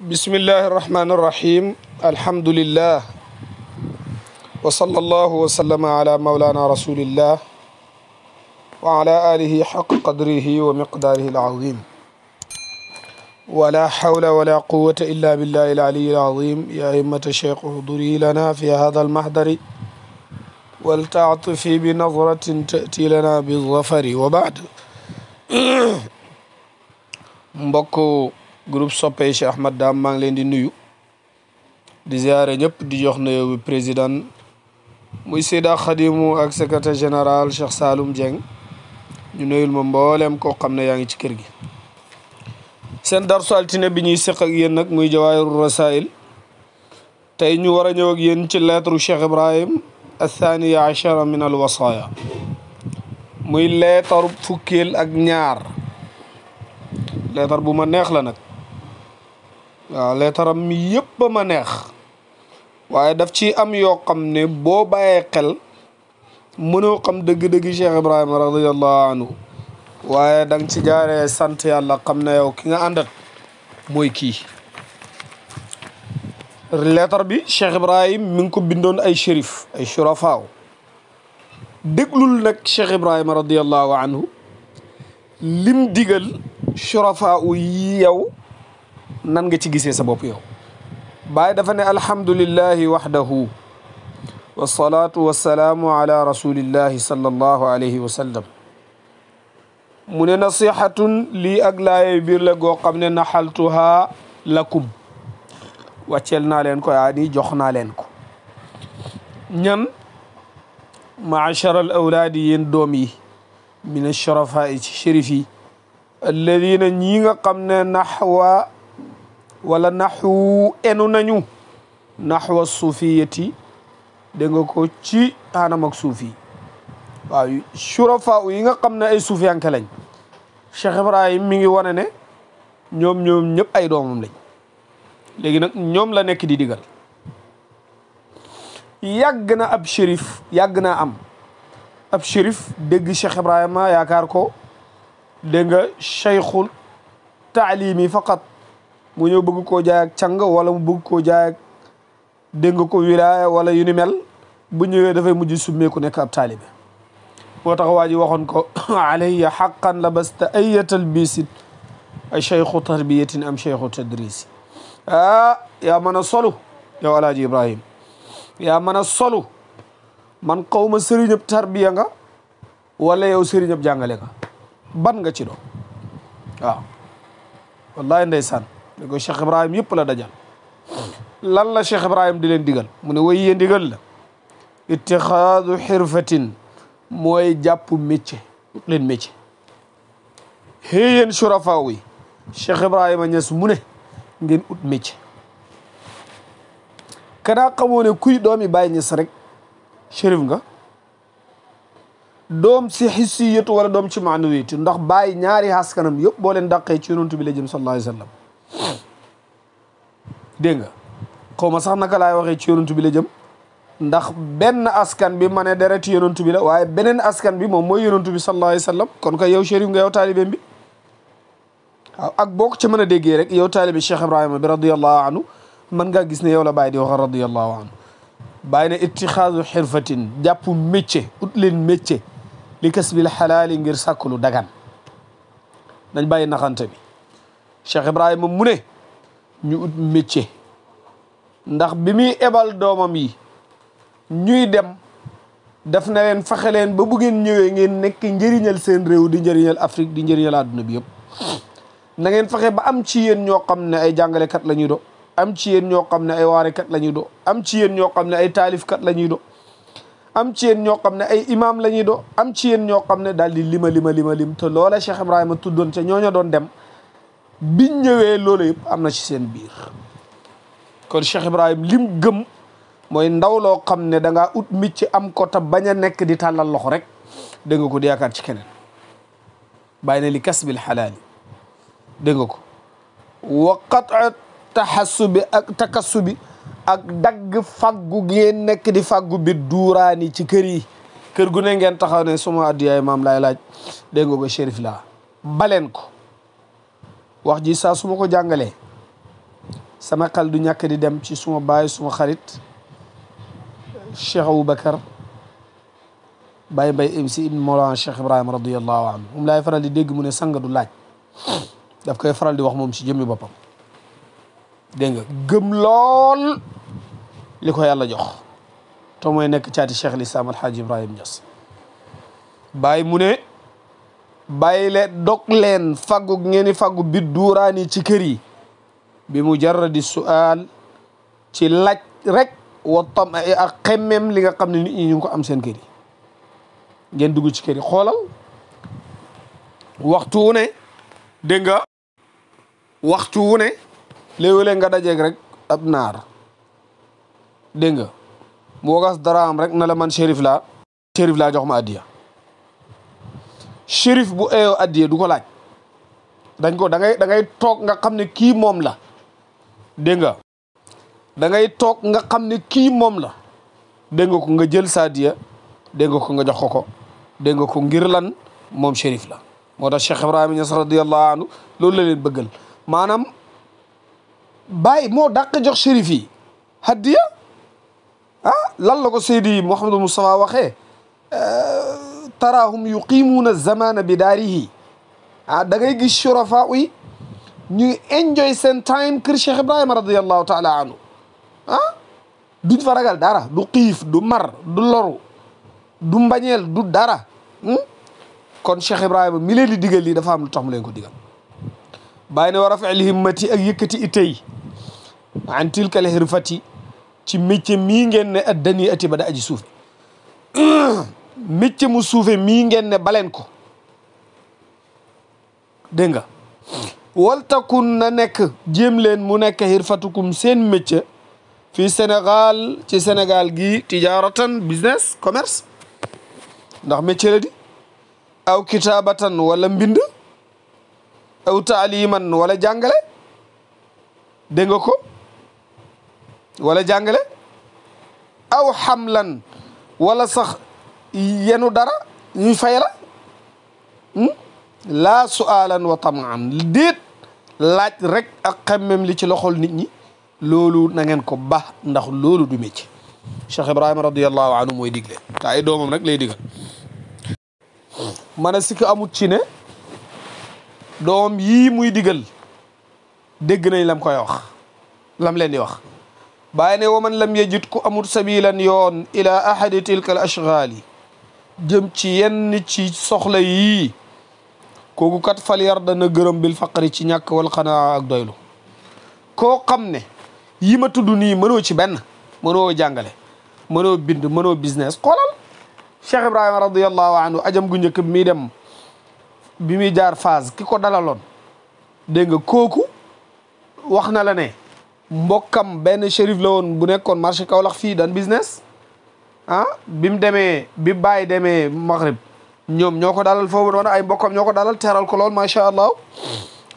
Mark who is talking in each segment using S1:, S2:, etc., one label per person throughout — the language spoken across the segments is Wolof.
S1: بسم الله الرحمن الرحيم الحمد لله وصلى الله وسلم على مولانا رسول الله وعلى آله حق قدره ومقداره العظيم ولا حول ولا قوة إلا بالله العلي العظيم يا أمة الشيخ احضري لنا في هذا المحضر ولتعطفي بنظرة تأتي لنا بالظفر وبعد مبكو groupe soppey Cheikh Ahmad dam ma ngi len di nuyu di ziare ñep di jox nuyu bi président muy Seyda Khadimu ak secrétaire général Cheikh Saloum Dieng ñu nuyul mo mbooleem ko xamne ne ngi ci kër gi sen dar darsu tiné bi ñuy sekk ak yéen nak muy jawaayirul rasail tay ñu wara ñëw ak yéen ci lettre Cheikh Ibrahim الثانية عشرة من الوصايا wasaya muy leetar اك ak ñaar بو ما ma لا نك waaw leetaram mi yëpp ma neex waaye daf ci am yoo xam ne boo bàyyee xel mënoo xam dëgg-dëgg Cheikh Ibrahima radiyallahu anhu waaye da nga ci jaaree sant yàlla xam ne yow ki nga àndat mooy kii leetar bi Cheikh Ibrahim mi ngi ko bindoon ay shérif ay shurafaaw déglul nag Cheikh Ibrahima radiyallahu anhu lim digal shurafaaw yi yow nan nga ci gisee sa bopp yow Baay dafa ne alhamdulillahi wahdahu wasalaatu wasalaamu ala rasulillahi sallallahu alayhi wa sallam mu ne nasihatun li ak laayee biir la goo xam ne lakum wàcceel naa leen ko yaa di jox naa leen ko ñan maachara al awlaadi yéen doom yi min asharafa ci shérif yi alladina nga xam ne naxwa ولا نحو انو نانيو نحو الصوفيتي دنگو كو تي انا مك صوفي وا شرفا ويغا خمنا اي صوفيان كلاج شيخ ابراهيم ميغي وانه ني نيوم نيوم نيب اي دومم لاج لغي نك نيوم لا نيك دي ديغال يغنا اب شريف يغنا ام اب شريف دغ شيخ ابراهيم ياكار كو دنگا شيخ التعليمي فقط mu ñëw bëgg koo jaay ak càng wala mu bëgg koo jaay ak ko wilaaya wala yu ni mel bu ñëwee dafay mujj summeeku nekk ab taalibe moo tax waa ji waxoon ko alayya xaqan labasta ayya talbisin a cheikhu tarbiyatin am cheikhu tadrisi ah yaa mën a solu yow alaaji ibrahim yaa mën a solu man xaw ma sëriñëb tarbiya nga wala yow sëriñëb jàngale nga ban nga ci do waaw li ko Cheikh Ibrahim yëpp la dajal lan la Cheikh Ibrahim di leen digal mu ne way yee ndigal la itixaadu mooy jàpp métier leen métier xéyéen surafaaw yi Cheikh Ibrahima Niass mu ne ngeen ut métier kanaa xamoo ne kuy doomi Baay Ñas rek chérif nga doom si xissiyatu wala doom ci maanawiyatu ndax Baay ñaari askanam yëpp boo leen dàqee ci yonent bi la jëm sallallahu alayhi wa dégg nga xaw ma sax naka laay waxee ci yonantu bi la jëm ndax benn askan bi ma ne dereti yonantu bi la waaye beneen askan bi moom mooy yonantu bi sallallahu alayhi kon ko yow chérif nga yow taalibeem bi ak boo ci mën a déggee rek yow taalibe Cheikh Ibrahima bi radiallahu anhu mën ngaa gis ne yow la bàyyi di wax radiallahu anhu bàyyi ne ittixaadu xirfatin jàpp métier ut leen métier li kas bil ngir sàkk lu dagan dañ bàyyi naxante bi Cheikh Ibrahima mu ne ñu ut métier ndax bi muy ebal doomam yi ñuy dem def na leen fexe leen ba bu ngeen ñëwee ngeen nekk njëriñal seen réew di njëriñal Afrique di njëriñal àdduna bi yëpp na ngeen fexe ba am ci yéen ñoo xam ne ay jàngalekat la ñuy do am ci yéen ñoo xam ne ay waarekat la ñuy do am ci yéen ñoo xam ne ay taalifkat la ñuy do am ci yéen ñoo xam ne ay imaam la ñuy do am ci yéen ñoo xam ne daal di lima lima lima lim te loola Cheikh Ibrahima tuddoon ca ñooña doon dem biñ ñëwee loolu am na ci seen biir kon Cheikh Ibrahim lim gëm mooy ndaw loo xam ne danga ngaa ut micc am ko te bañ a nekk di tàllal loxo rek dégg ko di yaakaar ci keneen baay na li kasbil xalaali dégg nga ko waqat taxassubi ak takassubi ak dagg faggu ngeen nekk di faggu bi duuraani ci kër yi kër gu ne ngeen taxaw ne suma addiyaay maam laay laaj dégg nga ko shérif laa baleen ko wax ji sa su ma ko jàngalee sama xal du ñak di dem ci suma baye suma xarit Cheikh abubakar Baye bay MC ibn Mawlana Cheikh ibrahim radiyallahu anhu moom lay faral di deg mu ne sang du laaj daf koy faral di wax mom ci jëmmi bopam dégg nga gëm lool liko yàlla jox to moy nek ciati Cheikh al Islam Alhaji ibrahim Niass Baye mu ne bayle doklen len fagu ngeni fagu bi durani ci soal yi bi sual ci rek wa tam eh, ak xemmem li nga xamni ne ñu ko am seen keri ngeen dugg ci keri xolal waxtu ne de nga waxtu ne lewele nga dajje rek ab nar de nga gas daram rek na la man sherif laa sherif laa jox ma adiya shérif bu el addiye du ko laaj dañ ko da ngay da ngay tok nga xam ne mom la de nga da ngay tok nga xam ne mom la de nga ko nga jël sa de nga ko nga jox ko de nga ko ngir lan mom shérif la motax Cheikh ibrahim Niass radiallahu anhu loolu la leen bëggal manam bay mo dàq jox shérif yi ah lan la ko Muhammad Mustafa Moustapha تراهم يقيمون الزمان بداره آه، دغاي غي شرفاء وي ني انجوي سن تايم كير شيخ ابراهيم رضي الله تعالى عنه ها آه؟ دون فراغال دارا دو قيف دو مر دو لورو دو مبانيل دو دارا هم كون شيخ ابراهيم ميلي لي ديغال لي دا فام لو تخم كو ديغال باين ورفع الهمتي اك يكتي ايتي عن تلك الهرفتي تي ميتي مي غن اداني اتي بدا اجي سوف mécc mu suufe mii ngeen ne baleen ko dégg nga waltakun na nekk jéem mu nekk xirfatukum seen mécc fi Sénégal ci gi tijaaratan business commerce ndax mécc la di aw kitaabatan wala mbind aw taaliman wala jàngale dégg ko wala jàngale aw xamlan walla sax yenu dara ñuy fay la laa sualan wa tamaan déet laaj rek ak xemmem li ci loxol nit ñi loolu na ngeen ko baax ndax loolu du métier cheikh ibrahima radiallahu anhu mooy digle te ay doomam nag lay digal ma ne sikk amut ci ne doom yii muy digal dégg nañ lam koy wax lam leen di wax bàyyi ne waman lam yajid ku amul sabilan yoon ila ahadi tilka al ashgaali jëm ci yenn ci soxla yii kooku kat fal yar dana gërëm bil ci ñàkk wal xanaa ak doylu koo xam ne yi ma tudd nii mënoo ci benn mënoo jàngale mënoo bind mënoo business xoolal Cheikh Ibrahima radiallahu anhu ajam gu njëkk bi dem bi muy jaar phase ki ko dalaloon dégg nga kooku wax na la ne mbokkam benn shérif la woon bu nekkoon marché Kaolack fii daan business ah bi mu demee bi bàyyi demee Maghrib ñoom ñoo ko dalal foofu noonu ay mbokkam ñoo ko dalal teral ko lool macha allah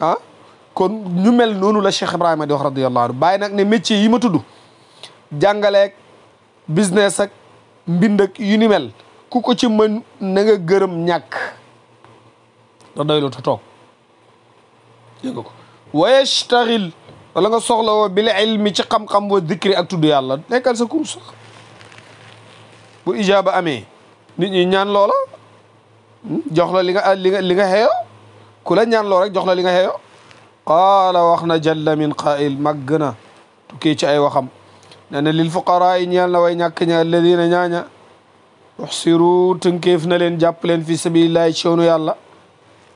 S1: ah, kon ñu mel noonu la Cheikh Ibrahima di wax radiyallahu anhu bàyyi nag ne métier yi ma tudd jàngaleeg business ak mbind ak yu ni mel ku ko ci mën na gërëm ñàkk da doy lu toog ko wa yashtaghil wala nga soxla woo bil ilmi ci xam-xam wa dikri ak tudd yàlla nekkal sa cours bu ijaba amé nit ñi ñaan loolu jox la li nga li nga li xeyo ku la ñaan loolu rek jox la li nga xeyo qala wax na jalla min qa'il magna tuké ci ay waxam nee na lil fuqara yi ñeel na way ñak ña alladina ñaaña uxsiru tënkeef na len jàpp len fi sabilillah ci yoonu yàlla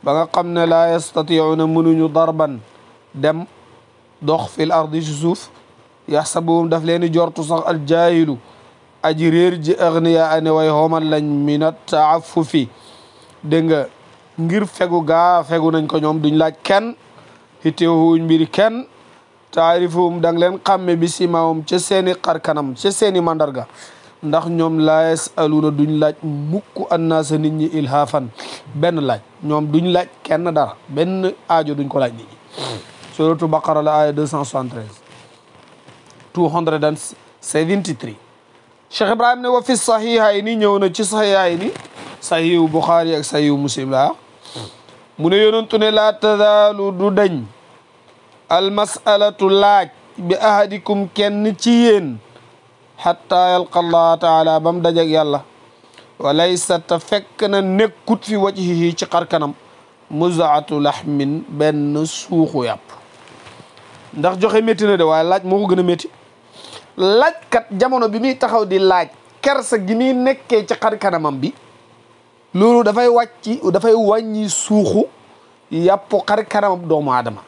S1: ba nga xamne la yastati'una yastatiuuna mënuñu darban dem dox fil ardi jusuf suuf daf len jortu sax al jahilu aji réer ji agniya ane way homal lañ minat taafufi dégg nga ngir fegu ga fegu nañ ko ñom duñ laaj kenn hittewuñ mbiri ken taarifum dang leen xamme bi simaawum ci seeni xar kanam ci seeni mandarga ndax ñoom laa aluna duñ laaj mukk annas nit ñi ilhafan ben laaj ñom duñ laaj ken dara ben aajo duñ ko laaj nit ñi suratu baqara la aya 273 273 cheikh ibrahim ne wa fi saxiixayni ñëw na ci saxiixayni saxiixu buxaari ak saxiixu muslim la mu ne yonentu ne laa tazaalu du dañ almasalatu laaj bi ahadikum kenn ci yéen xatta yalqa allah taala ba mu dajak yàlla walaysa te fekk na nekkut fi wajhihi ci xarkanam muzaatu laxmin benn suuxu yàpp ndax joxe métti na de waaye laaj moo ko gën a métti laajkat jamono bi muy taxaw di laaj kersa gi mi nekkee ci xar kanamam bi loolu dafay wàcci dafay wàññi suuxu yàppu xar kanamam doomu aadama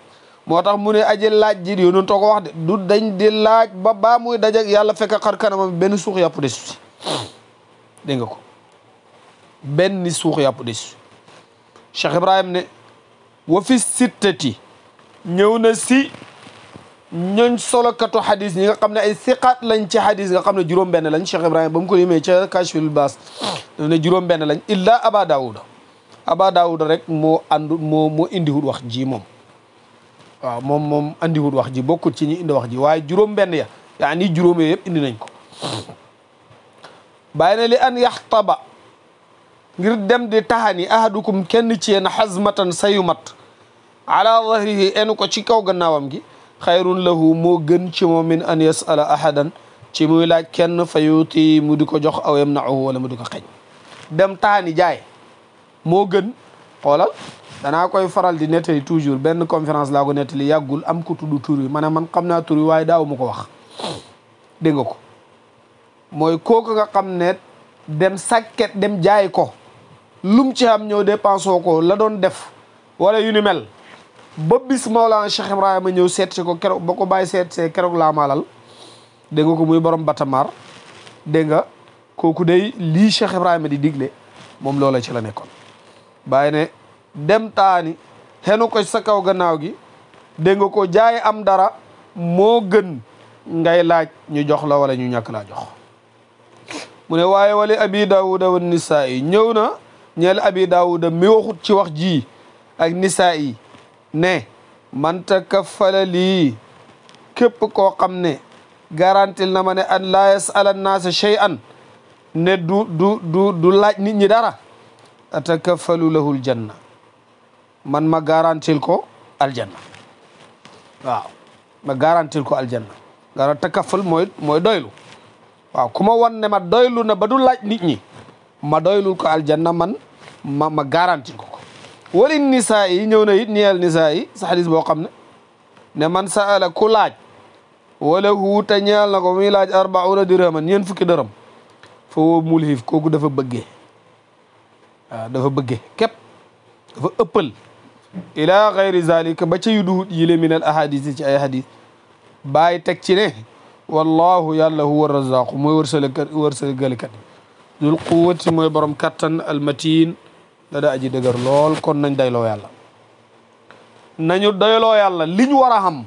S1: moo tax mu ne aji laaj ji yoonoon too ko wax de du dañ di laaj ba baa muy dajak yàlla fekk xar kanamam benn suux yàpp desu si ko benn suux yàpp desu Cheikh Ibrahim ne wa sittati ñëw na si ñooñ solokatu xadis ñi nga xam ne ay siqaat lañ ci xadis nga xam ne juróom-benn lañ Cheikh Ibrahima ba mu ko limee ca Kashful Baas ne juróom-benn lañ illa Aba Daawuda Aba Daawuda rek moo àndu moo moo indiwul wax ji moom waaw moom moom andiwul wax ji bokkul ci ñi indi wax ji waaye juróom-benn ya yaani juróom yëpp indi nañ ko bàyyi na li an yaxtaba ngir dem di ahadukum kenn ci yéen xazmatan sayu mat ala zahrihi ko ci kaw gannaawam gi خير له مو گن چي مومن ان يسال احدا چي موي لا كين فيوتي مودكو جخ او يمنعه ولا مودكو خاج دم تاني جاي مو گن خولال دا نا كوي فرال دي نيتي توجور بن كونفرنس لاغو نيتلي ياغول ام كو تودو توري مانا مان خمنا توري واي داو مكو واخ دنگوكو موي كوكو غا خمنه دم ساكيت دم جاي كو لوم چي ام نيو ديبانسو كو لا دون ديف ولا يوني مل ba bis Mawlaana Cheikh Ibrahima ñëw seet si ko keroog boo ko baay seet see keroog laa maalal ko muy borom Batamar dégg nga kooku day lii Cheikh Ibrahima di digle moom loola ci la nekkoon. baay ne dem taani xenu ko sa kaw gannaaw gi dégg nga ko jaay am dara moo gën ngay laaj ñu jox la wala ñu ñàkk laa jox. mu ne waaye wali abi daawuda wa nisaa yi ñëw na ñeel abi daawuda mi waxut ci wax ji ak nisaa yi. ne man takaffala lii képp koo xam ne garantil na ma ne an laa yasala naasa shay'an ne du du du du laaj nit ñi dara atakaffalu lahul janna man ma garantil ko aljanna waaw ma garantil ko aljanna gara takaffal mooy mooy doylu waaw ku ma wan ma doylu na ba du laaj nit ñi ma doylul ko aljanna man ma ma garantil ko وللنساء ينون يدني النساء صح حديث بوقمنا نمن سأل كلاج وله تنيال نقومي لاج أربعون درهما ينفك درهم فهو ملهف كوكو دفا بقه آه، دفا بقه كب دفا أبل إلى غير ذلك بچه يدو يلي من الأحاديث جاء حديث باي تكتنه والله يالله هو الرزاق مو يرسل ذو القوة مو يبرم كتن المتين dada aji dëgër lool kon nañ dayloo yàlla nañu dayloo yàlla li ñu war a xam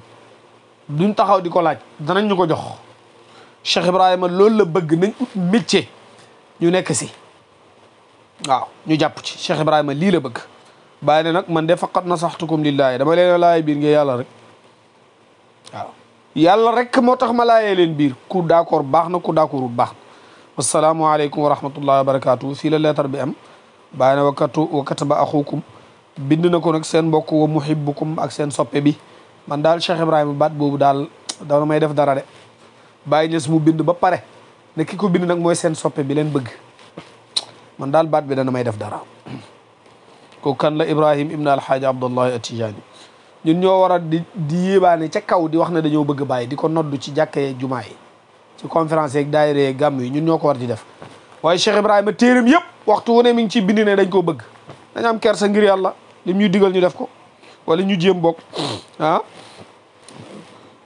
S1: duñ taxaw di ko laaj danañ ñu ko jox Cheikh Ibrahima lool la bëgg nañ ut ñu nekk si waaw ñu jàpp ci Cheikh Ibrahima lii la bëgg bàyyi ne nag man de faqat nasaxtukum lillaahi dama leen laay biir ngeen yàlla rek waaw yàlla rek moo tax ma laayee leen biir ku d'accord baax na ku d'accordul baax na wasalaamualeykum wa rahmatullahi wa barakaatu fii la leetar bi am bàyyi na wakkatu wakkata ba axukum bind na ko nag seen mbokk wa muhibbukum ak seen soppe bi man daal Cheikh Ibrahima baat boobu daal dana may def dara de bàyyi na mu bind ba pare ne ki ko bind nag mooy seen soppe bi leen bëgg man daal baat bi dana may def dara ko kan la Ibrahim ibn alhaaji Abdullahi Atijaani ñun ñoo war a di di yéebaane ca kaw di wax ne dañoo bëgg bàyyi di ko noddu ci jàkkee jumaa yi ci conference yeeg daayira yeeg gàmm yi ñun ñoo ko war di def waaye Cheikh Ibrahima téeram yëpp waxtu wu ne mi ngi ciy bind ne dañ koo bëgg dañ am kersa ngir yàlla lim ñuy digal ñu def ko wala ñu jéem bokk ah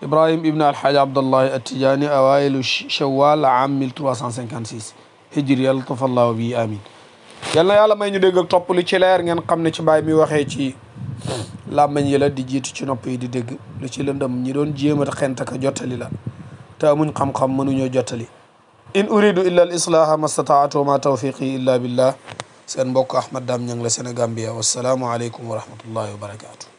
S1: ibrahim ibn alhaaji abdallahi attijaani awaayilu shawal am 1356 hijri yàlla tafallahu bi amin yal na yàlla may ñu dégg ak topp lu ci leer ngeen xam ne ci baay mi waxee ci làmmañ yi la di jiitu ci nopp yi di dégg lu ci lëndëm ñi doon jéem a xent ak jottali la te amuñ xam-xam mënuñoo jottali إن أريد إلا الإصلاح ما استطعت وما توفيقي إلا بالله سنبوك أحمد دام نيانغ لسنة غامبيا والسلام عليكم ورحمة الله وبركاته